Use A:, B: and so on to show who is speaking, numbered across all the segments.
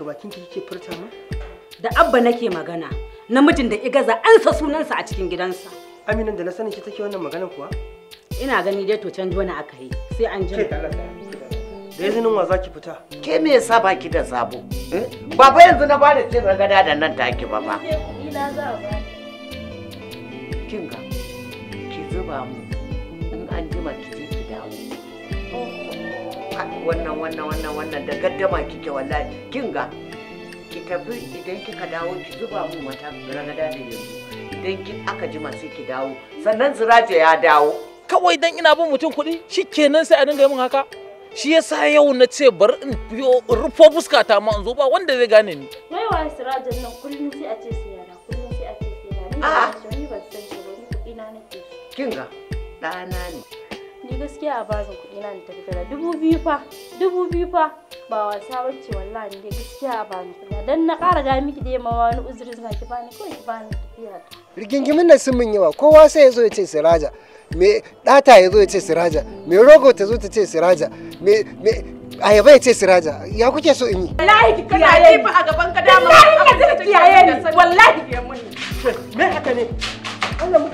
A: daga bakin ki kike furta mu? Da abba nake magana,
B: namijin da igaza ansa sunansa a cikin gidansa. Aminan da na sanin ki take wannan magana kuwa? Ina gani
C: dai to canji wani aka yi, sai an ji. Da izinin wa zaki fita? Ke me yasa baki da sabo? Eh? Baba yanzu na bada cin ragada da nan take ba ba. Kinga, ki zuba mu in an jima ki je ki dawo. wannan wannan wannan wannan da gaddama kike wallahi kin ga ki tafi idan kika dawo ki zuba mun wata na da yanzu idan kin aka jima sai ki dawo sannan zuraje ya dawo kawai dan ina bin mutum kuɗi shikenan sai a dinga min haka shi yasa yau na ce bar in biyo rufo fuskata ma in zo ba wanda zai gane ni
B: wai wa sirajan nan kullum sai a ce siyara kullum sai a ce siyara ni ba san shi ba ni kuɗi na
C: nake kinga ɗana ne
B: ni gaskiya a bazin kuɗi na ta tafi dubu biyu fa dubu biyu fa ba wasa wacce wallahi ni gaskiya a bazin kuɗi dan na ƙara ga miki da yamma wani uzuri suna ki bani kawai ki bani tafiya
D: rigingimin na. sun min yawa kowa sai ya zo ya ce siraja me ɗata ya zo ya ce siraja me rogo ta zo ta ce siraja me me ayaba ya ce siraja ya kuke so in yi
A: wallahi ki kana
B: jefa a gaban ka dama wallahi ka ji kiyaye
D: ni wallahi
A: me haka ne Allah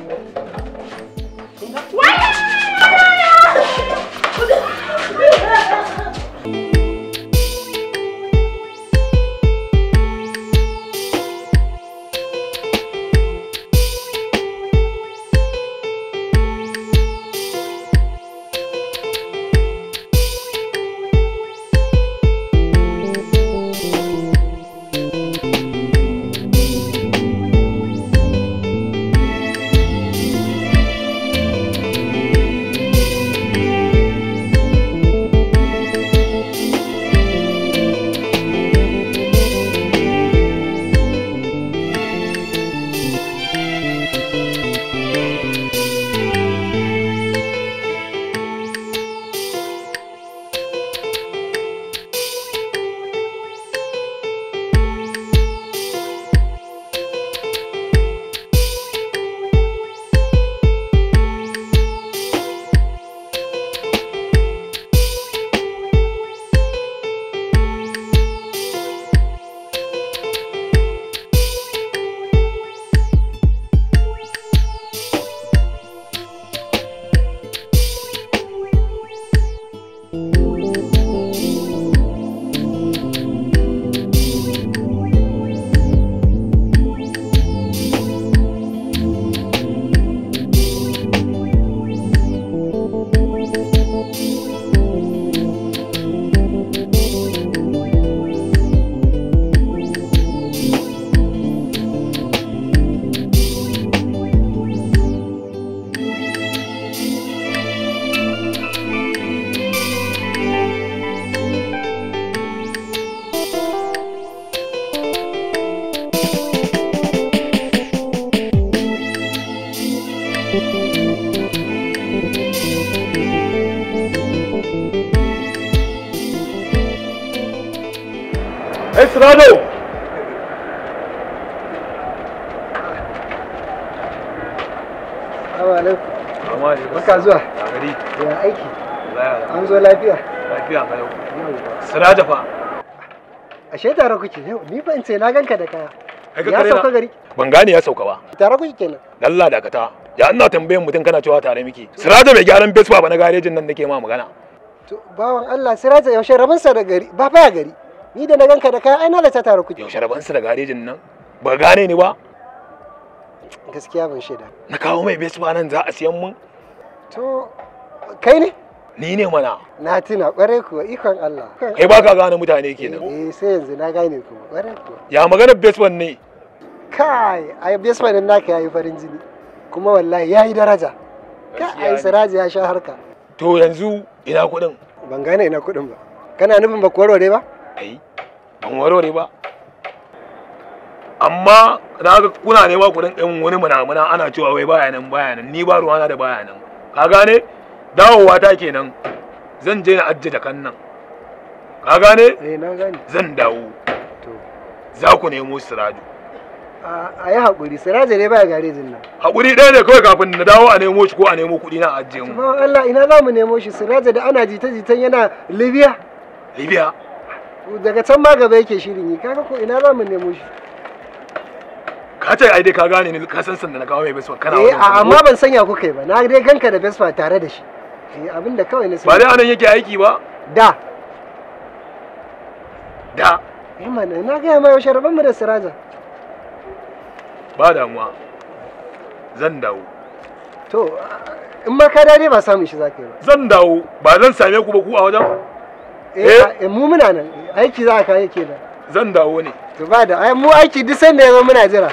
E: barka zuwa ya aiki
D: an zo lafiya
E: lafiya ka yau siraja fa
D: ashe tare kuke yau ni fa in ce na ganka da kaya
E: ya sauka gari ban gane ya sauka ba tare kuke kenan da dakata ya ina tambayan mutum kana cewa tare miki siraja bai gyaran besfa ba na garejin nan nake ma magana to bawan Allah siraja yaushe sa da gari ba baya gari ni da na ganka da kaya ai na lata tare kuke yaushe sa da garejin nan ba gane ni ba gaskiya ban shaida na kawo mai ba nan za a siyan mun To, kai ne? Ni ne mana.
D: Na tuna kware kuwa ikon Allah. Kai ba
E: ka gane mutane kenan.
D: Eh sai yanzu na gane kuma kware kuwa.
E: Ya magana baseball ne.
D: Kai, ai baseball din naka yayi farin jini. Kuma wallahi yayi daraja. Ka ai Siraji ya sha harka. To yanzu ina kuɗin? Ban gane ina kuɗin ba. Kana nufin ba warware ba?
E: Ai, ban warware ba. Amma na ga kuna nema kuɗin ɗin wani munamuna ana cewa wai baya nan baya nan ni ba ruwana da baya nan. ka gane dawowa ta kenan zan je na ajje da kan nan ka gane eh, zan dawo za ku nemo siraju
D: a yi haƙuri siraju ne ba garejin nan
E: haƙuri ɗaya ne kawai kafin na dawo a nemo shi ko a nemo kuɗi na ajiye mu
D: Allah ina za mu nemo shi siraju da ana jita-jitan yana libya libya daga can ma gaba yake shirin yi kaga ko ina za mu nemo shi
E: ka ce ai dai ka gane ni ka san sanda na kawo mai baseball kana eh amma ban
D: sanya ku kai ba na dai ganka da baseball tare da shi eh abinda kawai na ba dai anan
E: yake aiki ba da da
D: eh mana na ga ma yaushe rabon mu da siraja
E: ba damuwa zan dawo
D: to in ma ka dade ba samun shi zaka yi
E: ba zan dawo ba zan same ku ba ku a wajen
D: eh, eh? eh mu muna nan aiki za ka yake da zan dawo ne to ba da ai mu aiki duk sanda ya zo muna jira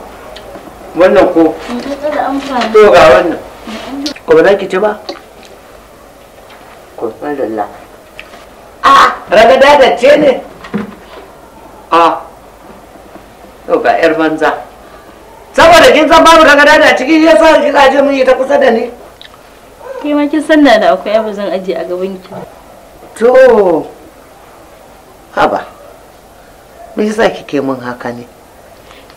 C: wannan ko to ga wannan ko ba ki ci ba ko sallallahu a ragada da ce ne a to ga yar banza saboda kin san babu ragada da ciki ya sa ki je
B: mun yi ta kusa da ni kai ma kin san da akwai abu zan aje a gaban ki
C: to haba me yasa kike mun haka ne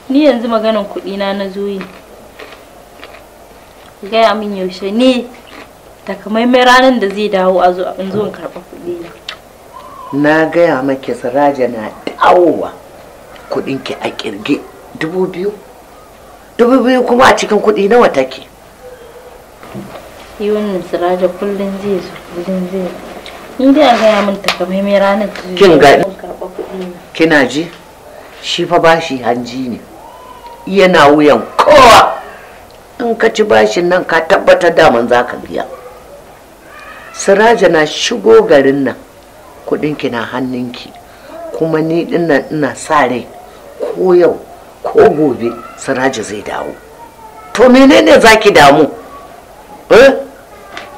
B: ni yanzu maganan kuɗi na na zo gaya min yaushe ne takamaimai ranar da zai dawo a zo in zo in kuɗi
C: na gaya maki siraja na dawowa kuɗinki ki a kirge dubu biyu dubu biyu kuma a cikin kuɗi nawa take
B: yunus siraja kullum zai zo kullum zai in dai a gaya min takamaimai ranar da zai
C: dawo in kina ji shi fa bashi hanji ne yana wuyan kowa in ka ci bashin nan ka tabbatar daman za ka biya siraja na shigo garin nan kudinki na hannunki kuma ni dinnan ina sa rai ko yau ko gobe siraja zai dawo to menene za ki damu
B: eh?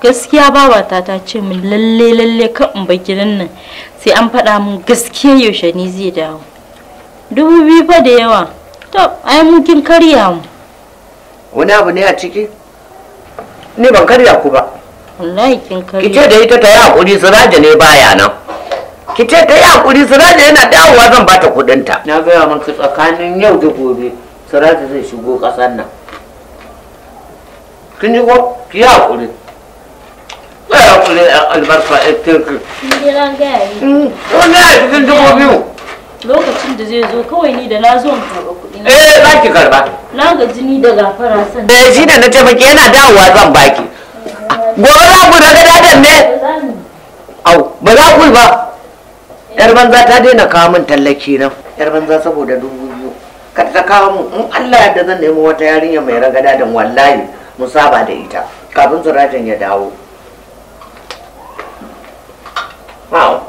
B: gaskiya babata ta ce min lalle lalle kan in baki nan sai an faɗa min gaskiya yaushe ni zai dawo dubu biyu fa da yawa to ai mun kin karya mu wani abu ne a ciki
C: ni ban karya ku ba
B: wallahi kin karya kice da ita ta yi hakuri siraje ne baya
C: nan kice ta yi hakuri siraje yana dawowa zan bata kudin ta na gaya maka tsakanin yau da gobe siraje zai shigo kasar nan kin ji ko ki yi hakuri Albarka, ita eh, ke.
B: Ni gaya Mm, ko ne cikin dubu biyu. lokacin da zai zo kawai ni da na zo in karɓa kuɗi eh za ki karɓa na ga jini da gafara san eh shi da na taimaki yana dawowa
C: zan baki gobe za ku daga dadan ne au ba za ku ba yar banza ta daina kawo min tallaki nan yar banza saboda dubu biyu kada ta kawo mu in Allah ya da zan nemi wata yarinya mai ragada da wallahi mu saba da ita kafin zuratan ya dawo Wow.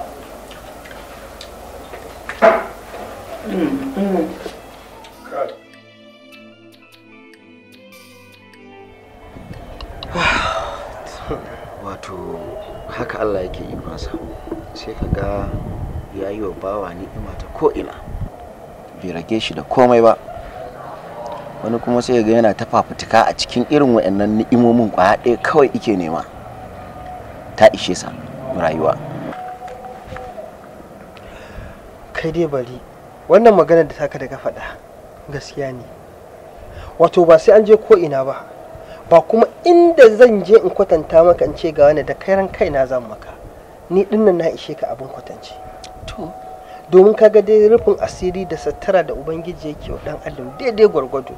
F: wato haka Allah yake masa, sai ka ga ya yi wa bawa ni'ima ta ko'ina bai rage shi da komai ba wani kuma sai ga yana ta a cikin irin wa'annan ni'imomin kwaya ɗaya kawai ike nema ta ishe sa rayuwa
A: kai dai bari wannan magana da taka daga faɗa gaskiya ne wato ba sai an je ko ina ba ba kuma inda zan je in kwatanta maka in ce ga wani da kai na zan maka ni dinnan na ishe ka abin kwatance to domin ga dai rufin asiri da sattara da ubangiji yake wa dan adam daidai gwargwado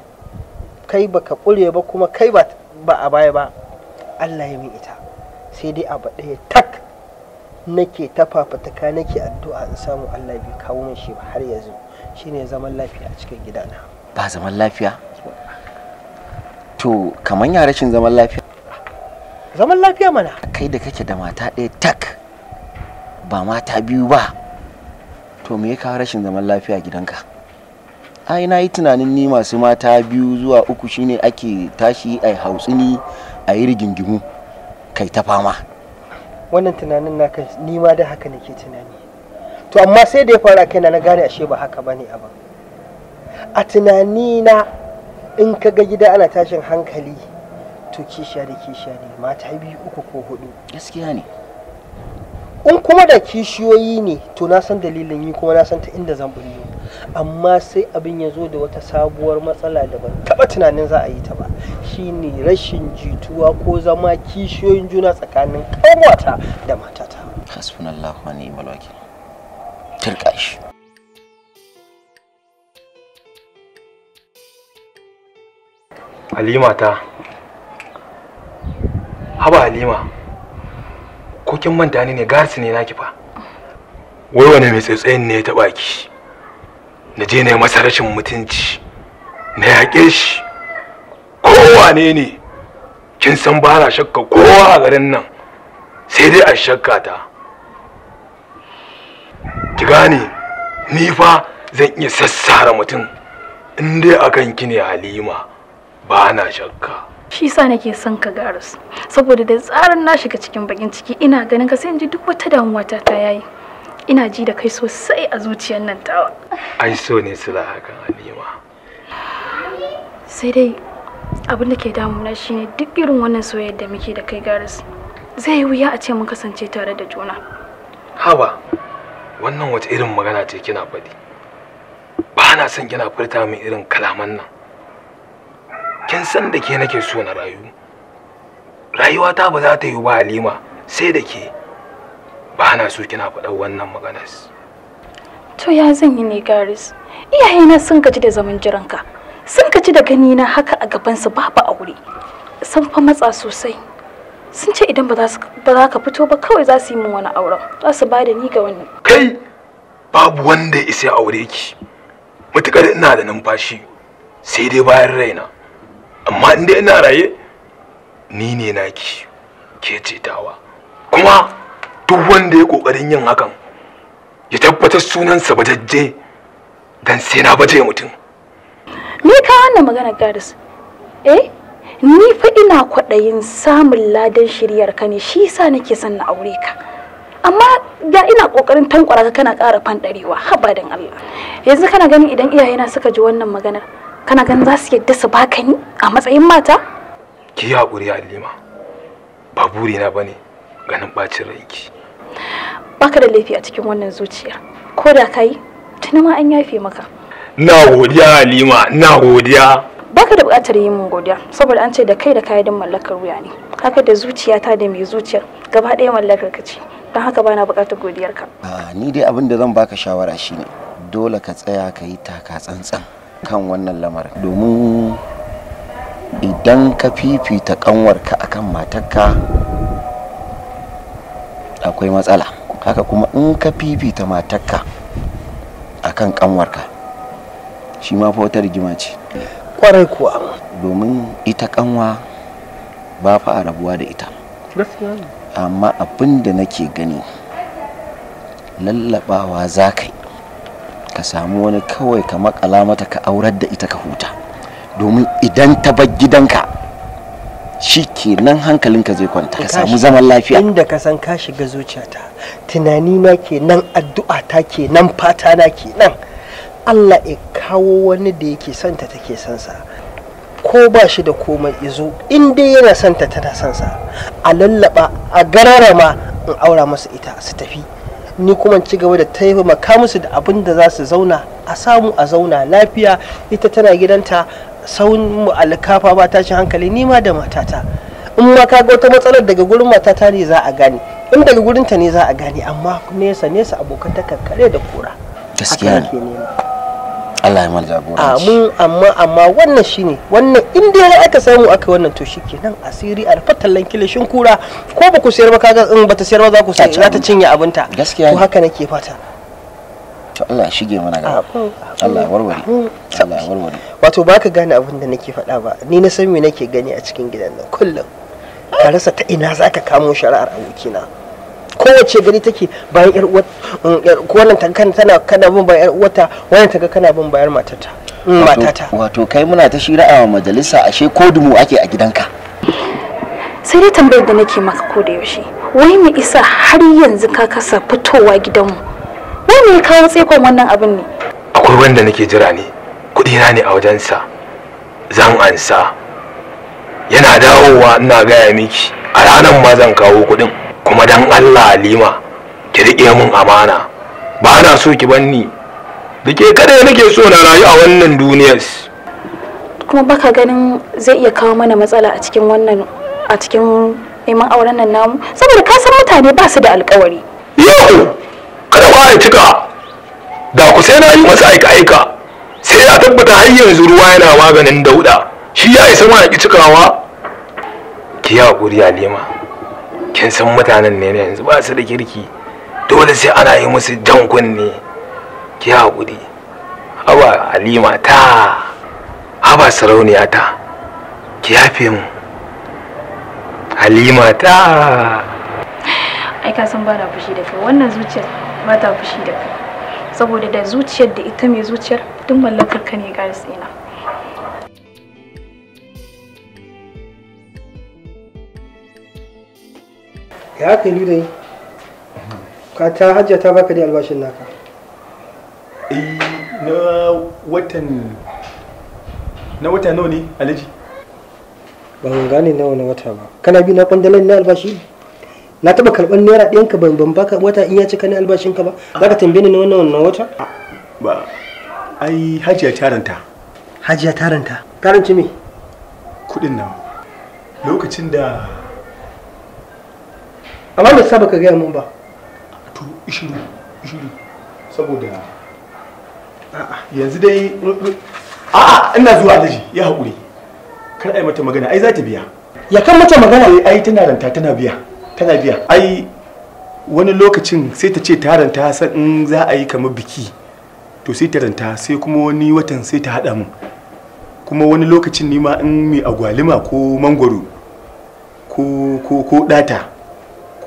A: kai baka kure ba kuma kai ba a baya ba Allah ya min ita sai dai abu ɗaya tak nake ta fafataka nake addu'a in samu Allah bai kawo min shi ba har yanzu shine zaman lafiya a cikin gidana
F: ba zaman lafiya to kaman ya rashin zaman lafiya zaman lafiya mana kai da kake da mata ɗaya tak ba mata biyu ba to me ya kawo rashin zaman lafiya gidanka ai na yi tunanin ni masu mata biyu zuwa uku shine ake tashi ai hausuni a rigingimu kai ta fama
A: wannan tunanin naka nima nima da haka nake tunani to amma sai da ya fara kaina na gane ashe ba haka bane a ba a tunani na in ka ga gida ana tashin hankali to kishiya da kishiya ne mata biyu uku ko hudu gaskiya ne in kuma da kishiyoyi ne to na san dalilin yi kuma na san ta inda zan bullo amma sai abin ya zo da wata sabuwar matsala da ban taba tunanin za a yi ta ba shine rashin jituwa ko zama kishiyoyin juna tsakanin kanwata da matata
F: hasbunallahu wa ni'mal wakil shi.
E: halima ta haba halima ko kin manta ni ne garsi ne naki fa wai wane mai tsatsayin ne ya taba ki na je ne masa rashin mutunci na yaƙe shi kowane ne kin san ba na shakka kowa a garin nan sai dai a shakka ta ki gane ni fa zan iya sassara mutum in dai akan ki ne halima ba na shakka
G: shi sa nake son ka ga rasu saboda da tsarin na shiga cikin bakin ciki ina ganin ka sai in ji duk wata damuwa ta ta yayi ina ji da kai sosai a zuciyar nan tawa
E: ai so ne sila hakan halima
G: sai dai abin da ke damuna shine duk irin wannan soyayyar da muke da kai garis zai yi wuya a ce mun kasance tare da juna
E: haba wannan wata irin magana ce kina faɗi ba na son kina furta min irin kalaman nan kin san da ke nake so na rayu rayuwa ta ba za ta yi ba halima sai da ke ba na so kina faɗa wannan maganar
G: to ya zan yi ne garis iyayena sun gaji da zaman jiranka sun gaji da gani na haka a gabansu babu aure sun fa matsa sosai sun ce idan ba za ka fito ba kawai za su yi min wani auren za su bada ni ga wani
E: kai babu wanda ya isa aure ki matukar ina da numfashi sai dai bayan raina amma in dai ina raye ni ne naki ke ce kuma duk wanda ya ƙoƙarin yin hakan ya tabbatar sunansa bajajje dan sai na baje mutum
G: Ni ka wannan magana garis eh ni fa ina kwaɗayin samun ladan shiryar ka ne shi yasa nake son na aure ka amma ga ina kokarin tankwara ka kana ƙara fanɗarewa haba dan Allah yanzu kana ganin idan iyayena suka ji wannan maganar kana ganin za su yadda su baka ni a matsayin mata
E: ki haƙuri Halima ba burina bane ganin bacin ranki
G: baka da laifi a cikin wannan zuciya ko da kai tuni ma an yafe maka
E: na godiya halima na godiya
G: baka da bukatar yi min godiya saboda an ce da kai da kayan mallakar wuya ne haka da zuciyata da mai zuciyar gaba ɗaya mallakar ka ce don haka bana bukatar godiyarka
F: ni dai abin da zan baka shawara shine dole ka tsaya ka yi taka tsantsan kan wannan lamarin domin idan ka fifita kanwarka akan matarka akwai matsala haka kuma in ka fifita matarka akan kanwarka shi ma fa wata rigima ce
A: kwarai kuwa
F: domin ita kanwa ba fa a rabuwa da ita amma abin da nake gani lallabawa za ka yi ka samu wani kawai ka makala mata ka aurar da ita ka huta domin idan ta bar gidanka shi kenan hankalinka zai kwanta ka samu zaman lafiya
A: inda ka san ka shiga zuciyata tunani na nan addu'a ta nan fata na nan Allah kawo wani da yake santa take sansa ko ba shi da komai izo in dai yana santa tana sansa a lallaba a gararama in aura masa ita su tafi ni kuma ci gaba da taimaka musu da abin da za su zauna a samu a zauna lafiya ita tana gidanta mu alkafa ba tashin hankali ni ma da matata in ma ka ga wata matsalar daga gurin matata ne za a gane in daga gurinta ne za a gane amma nesa nesa abokan ta kankare da kura
F: gaskiya Allah ya mana
A: jagoranci amma amma wannan shine wannan in dai har aka samu aka wannan to shikenan asiri alfatallan shin kura ko ba ku sayar ba kaga in bata sayar ba za ku sayar za ta cinye abinta gaskiya ko haka nake fata
F: to Allah ya shige mana gaba Allah ya warware Allah ya warware
A: wato ba ka gane abin da nake faɗa ba ni na san me nake gani a cikin gidan nan kullum ka rasa ta ina za ka kamo shari'ar abokina kowace gari take bayan yar uwar mm, ko wannan tankan tana kana bin bayan yar uwata wannan tanka kana bin bayan matata
F: mm, matata wato kai muna ta shira a majalisa ashe ko dumu ake a gidanka
G: sai dai tambayar da nake maka ko da yaushe wai me isa har yanzu ka kasa fitowa gidanmu wai me kawo tsekon wannan abin ne
E: akwai wanda nake jira ne kudi na ne a wajensa zan ansa yana dawowa ina gaya miki a ranar ma zan kawo kuɗin kuma dan Allah Alima, ki riƙe min amana ba na so ki banni da ke kada nake so na rayu a wannan duniyar
G: kuma baka ganin zai iya kawo mana matsala a cikin wannan a cikin neman auren nan namu saboda ka san mutane ba su da alkawari
E: yau kada ba ya cika da ku sai na yi masa aika aika sai ya tabbata har yanzu ruwa yana maganin dauda shi ya isa ma ki cikawa ki ya guri alima kin san mutanen ne na yanzu ba su da kirki dole sai ana yi musu jan kunne ki haƙuri haba halima ta haba sarauniya ta ki yafe mu halima ta
G: ai ka san ba na fushi da kai wannan zuciyar ba ta fushi da kai saboda da zuciyar da ita mai zuciyar duk mallakar ka ne ga tsina
A: ya haka yi yi ka ta hajja ta baka ne albashin naka
H: eh na watan na wata nawa ne alhaji ban gane nawa na
A: wata ba kana bi na kwandalan na albashi na taba karban naira ɗayan ka ban ban baka wata in ya cika na albashin ka ba Za ka tambaye ni na wannan wannan wata ba ai hajiya taranta
H: hajiya taranta taranta me kudin nawa lokacin da amma da saba ka gaya mun ba to ishiru ishiru saboda yanzu dai a ina zuwa daji ya haƙuri kar ai mata magana ai za ta biya ya kan mata magana eh ai tana ranta tana biya tana biya ai wani lokacin sai ta ce ta ranta san in za a yi kamar biki to sai ta ranta sai kuma wani watan sai ta haɗa mun kuma wani lokacin ni ma in mai agwalima ko mangwaro ko ko ko data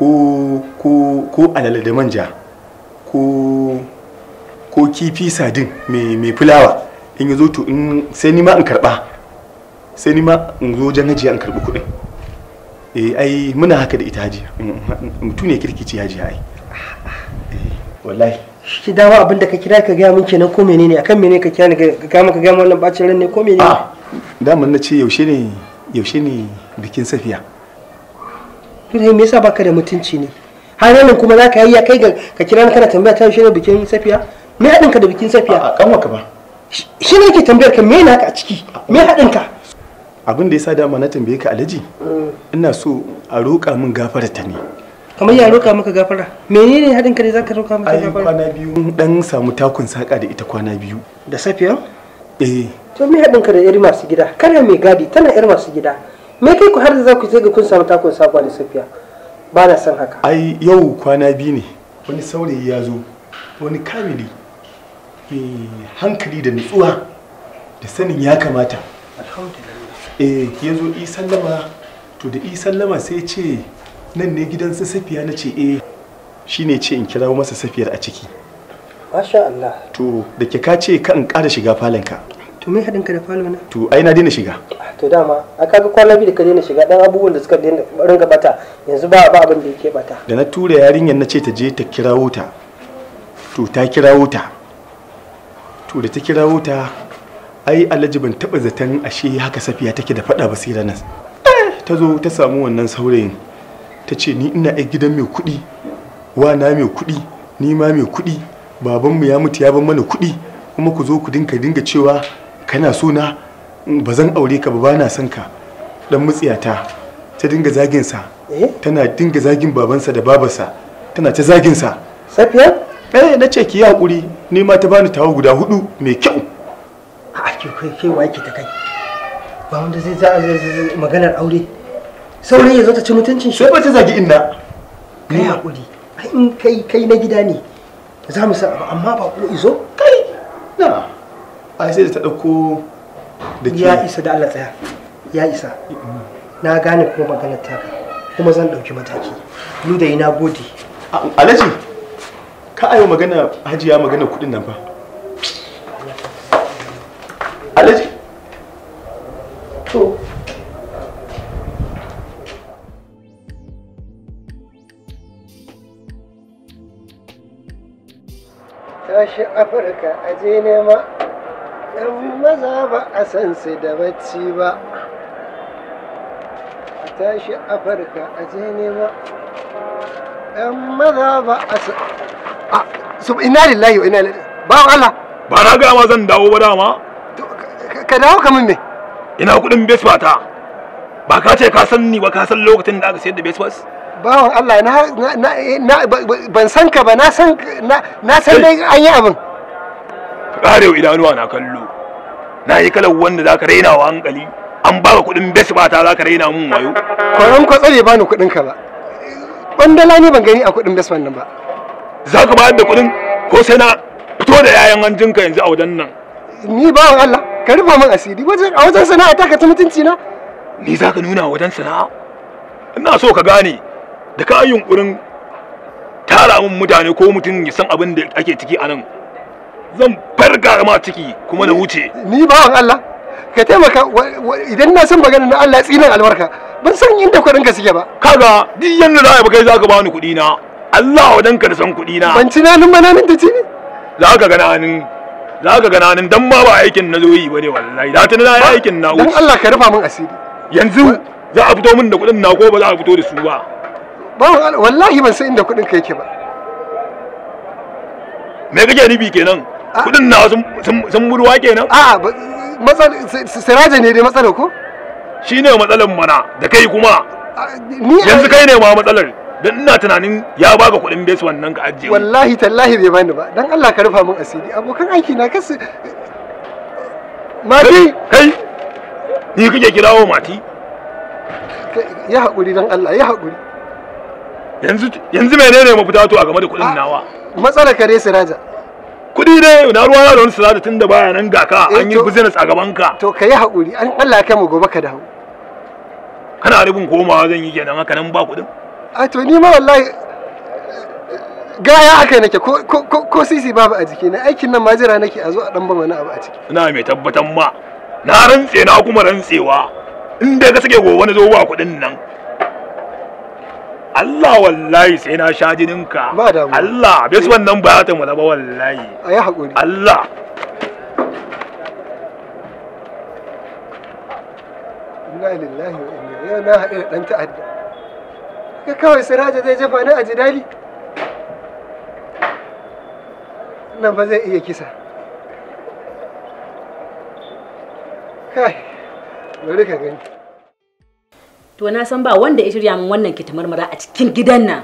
H: ko ko ko da manja ko ko kifi sadin mai mai fulawa in yazo to in sai ni ma in karba sai ni ma in zo jan hajiya in karbi kudin eh ai muna haka da ita jiya mutu mm, mm, ne kirkici jiya ai eh, wallahi shi dama abin da ka kira ka gaya min kenan ko menene akan menene ka kira ka ga maka ga wannan bacin ran ne ko menene a ah, daman na ce yaushe ne yaushe ne bikin safiya
A: me yasa baka da mutunci ne har nan kuma za ka kai ga ka kira kana tambaya ta shirin bikin safiya me haɗin ka da bikin safiya a kan ka ba shi ne ke tambayar ka me na ka a ciki me haɗin
H: ka abin da yasa dama na tambaye ka alaji mm. ina so a roƙa min gafara ta ne kamar ya roƙa maka gafara
A: menene haɗin ka da zaka roƙa maka gafara kwana
H: biyu dan samu takun saka da ita kwana biyu da safiya eh
A: to me haɗin ka da yar masu gida kana mai gadi tana yar masu gida me kai ku har da za ku
H: je ga kun samu takun sakwa da safiya ba na son haka ai yau kwana biyu ne wani saurayi ya zo wani kamili mai hankali da nutsuwa da sanin ya kamata eh ya zo isan sallama, to da isan sallama sai ce nan ne gidan su safiya na ce eh shine ce in kirawo masa safiyar a ciki masha Allah to da ke ka ce ka in ƙara shiga ka.
A: to me haɗin ka da falo na
H: to ai na daina shiga
A: ah, to dama a kaga kwana biyu da ka daina shiga dan abubuwan da suka daina ringa bata yanzu ba ba abin da yake bata
H: da na tura yarinyar na ce ta je ta kirawo ta to ta kirawo ta to da ta kirawo ta ai alhaji ban taba zaton ashe haka safiya take da fada basira nan eh, ta zo ta samu wannan saurayin ta ce ni ina ai gidan mai kuɗi wa na mai kuɗi ni ma mai kuɗi babanmu ya mutu ya ban mana kuɗi kuma ku zo ku dinka dinga cewa kana so na ba zan aure ka ba ba na son ka dan mutsiyata ta dinga zagin sa eh? tana dinga zagin babansa da babarsa tana ta zagin sa safiya eh na ce ki yi hakuri ni ma ta bani tawo guda hudu mai kyau
A: a ke kai kai wa ta kai ba wanda zai za maganar aure
H: sauran ya zo ta ci mutuncin shi ba ta zagi inna kai hakuri
A: in kai kai na gida ne za mu sa amma ba ko izo kai na ai sai ta ɗauko da ke ya isa da Allah tsaya ya isa na gane kuma maganar taka kuma zan ɗauki mataki
H: ni da ina gode alaji ka ayo magana hajiya magana kuɗin nan fa alaji to
D: tashi afirka aje nema maza ba a san su da bacci ba a tashi afirka a je nema yan maza ba a san
E: su ina lillahi wa ina lillahi ba Allah ba na ga ma zan dawo ba dama ka dawo min me ina kudin baseball ta ba ka ce ka san ni ba ka san lokacin da aka sayar da baseball
D: bawan Allah na na ban san ka ba na san na san dai
E: an yi abin karewa idanuwa na kallo na yi kalar wanda za ka raina wa hankali an ba kuɗin bes ba ta za ka raina mun wayo kwaron ka tsare bani kuɗin ka ba bandala ne ban gani a kuɗin bes nan ba za ka bayar da kuɗin ko sai na fito da yayan hanjinka yanzu a wajen nan ni wa Allah ka rufa min asiri a wajen sana'a ta ka ta mutunci na ni za ka nuna wajen sana'a ina so ka gane da ka yunkurin tara min mutane ko mutum ya san abin da ake ciki a nan zan bar ma ciki kuma na wuce ni bawan Allah ka taimaka idan na san maganar na Allah tsinan albarka ban san inda kuɗin ka suke ba kaga duk yanda za a yi kai za ka bani kuɗi na Allah wadan ka da san kuɗi na ban tunanin mananin da ci ne za ka gana nan za ka gana nan dan ma ba aikin na zo yi bane wallahi da ta na aikin na wuce dan Allah ka rufa min asiri yanzu za a fito min da kuɗin na ko ba za a fito da su ba bawan wallahi ban san inda kuɗin ka yake ba me kake nufi kenan Ah. kudin nawa sun ke kenan a'a ah, siraje ne dai matsalar ko shi ne matsalar mana da kai kuma ah, yanzu kai ne ma matsalar don ina tunanin ya ba baka kuɗin besu wannan ka ajiye wallahi tallahi bai bani ba dan Allah ka rufa min asiri
D: abokan aiki na kasu
E: mati kai ni kake kirawo mati ya haƙuri don Allah ya haƙuri yanzu yanzu menene mafita to a game da kuɗin nawa matsalar kare siraja kuɗi ne na ruwa na da wani salatu tun da baya nan gaka? Eh, an yi business a gaban ka to ka yi haƙuri an Allah ya mu gobe ka dawo kana rubin komawa zan yi kenan haka nan ba kuɗin a to ni ma wallahi gaya
D: haka nake ko ko ko sisi babu a jiki na aikin nan majira nake a zo a ɗan ba wani abu a ciki
E: ina mai tabbatan ma na rantse na kuma rantsewa in ka sake gobe na zo ba kuɗin nan Allah wallahi sai na sha jininka Allah bai wannan ba ba wallahi ayi hakuri Allah
D: inna lillahi wa inna na haɗe da ɗan ta'adda ka kawai siraja zai jefa ni a jidali nan ba zai iya kisa kai bari ka gani
B: to na san ba wanda ya shirya min wannan kita marmara a cikin gidan nan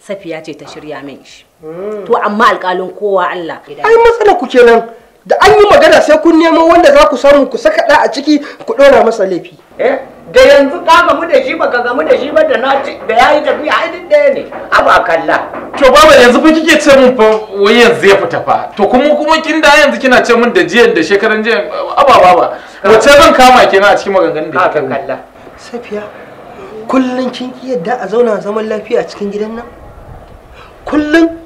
B: safiya ce ta shirya min shi hmm. to amma alƙalin kowa Allah ai
A: matsala ku kenan da an yi magana sai kun nemo wanda za ku samu ku saka da a ciki ku ɗora masa laifi
C: eh da yanzu ka gamu da shi baka gamu da shi ba da na da yayi tafiya ai duk ɗaya ne aba kalla to baba yanzu ba kike
E: ce mun fa wai yanzu ya fita fa to kuma kuma kin da yanzu kina ce mun da jiya da shekaran jiya aba baba wace zan kama kenan a cikin maganganun da kike kalla
A: safiya kullum kin ki yadda a zauna zaman lafiya a cikin gidan nan kullum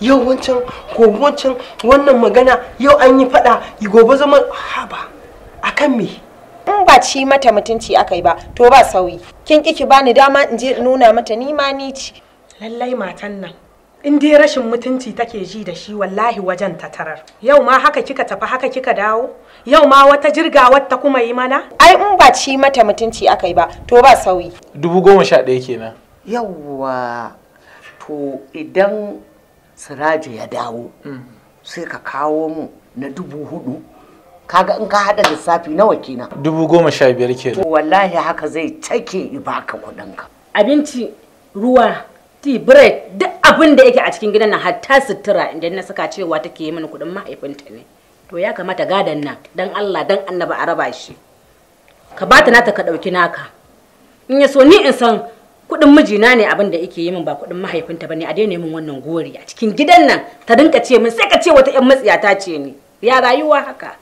A: yau wancan gobe wancan wannan magana yau an yi fada gobe zaman haba akan me in ba ci mata mutunci aka yi ba to ba sauyi kin ki bani dama in je nuna mata ni ma ni ci
B: lallai matan nan
A: in dai rashin mutunci take ji da shi wallahi wajen ta tarar yau ma haka kika tafi haka kika dawo yau ma wata jirga wata kuma yi mana ai in ba ci mata mutunci aka yi ba to ba sauyi
E: dubu goma sha ɗaya kenan
C: yawwa to idan siraji ya dawo mm. sai ka kawo mu na dubu hudu kaga in ka hada lissafi nawa kenan
E: dubu goma sha biyar kenan to
C: wallahi haka zai take baka ka abinci ruwa tea bread duk abin da yake a cikin gidan nan
B: hatta sutura idan na saka cewa take yi mini kuɗin mahaifinta ne to ya kamata gadan nan dan Allah dan annaba a raba shi ka bata nata ka ɗauki naka in ya so ni in san kuɗin mijina ne abin da yake yi min ba kuɗin mahaifinta bane a daina min wannan gori a cikin gidan nan ta dinka ce min sai ka ce wata 'yan ta ce ni ya rayuwa haka.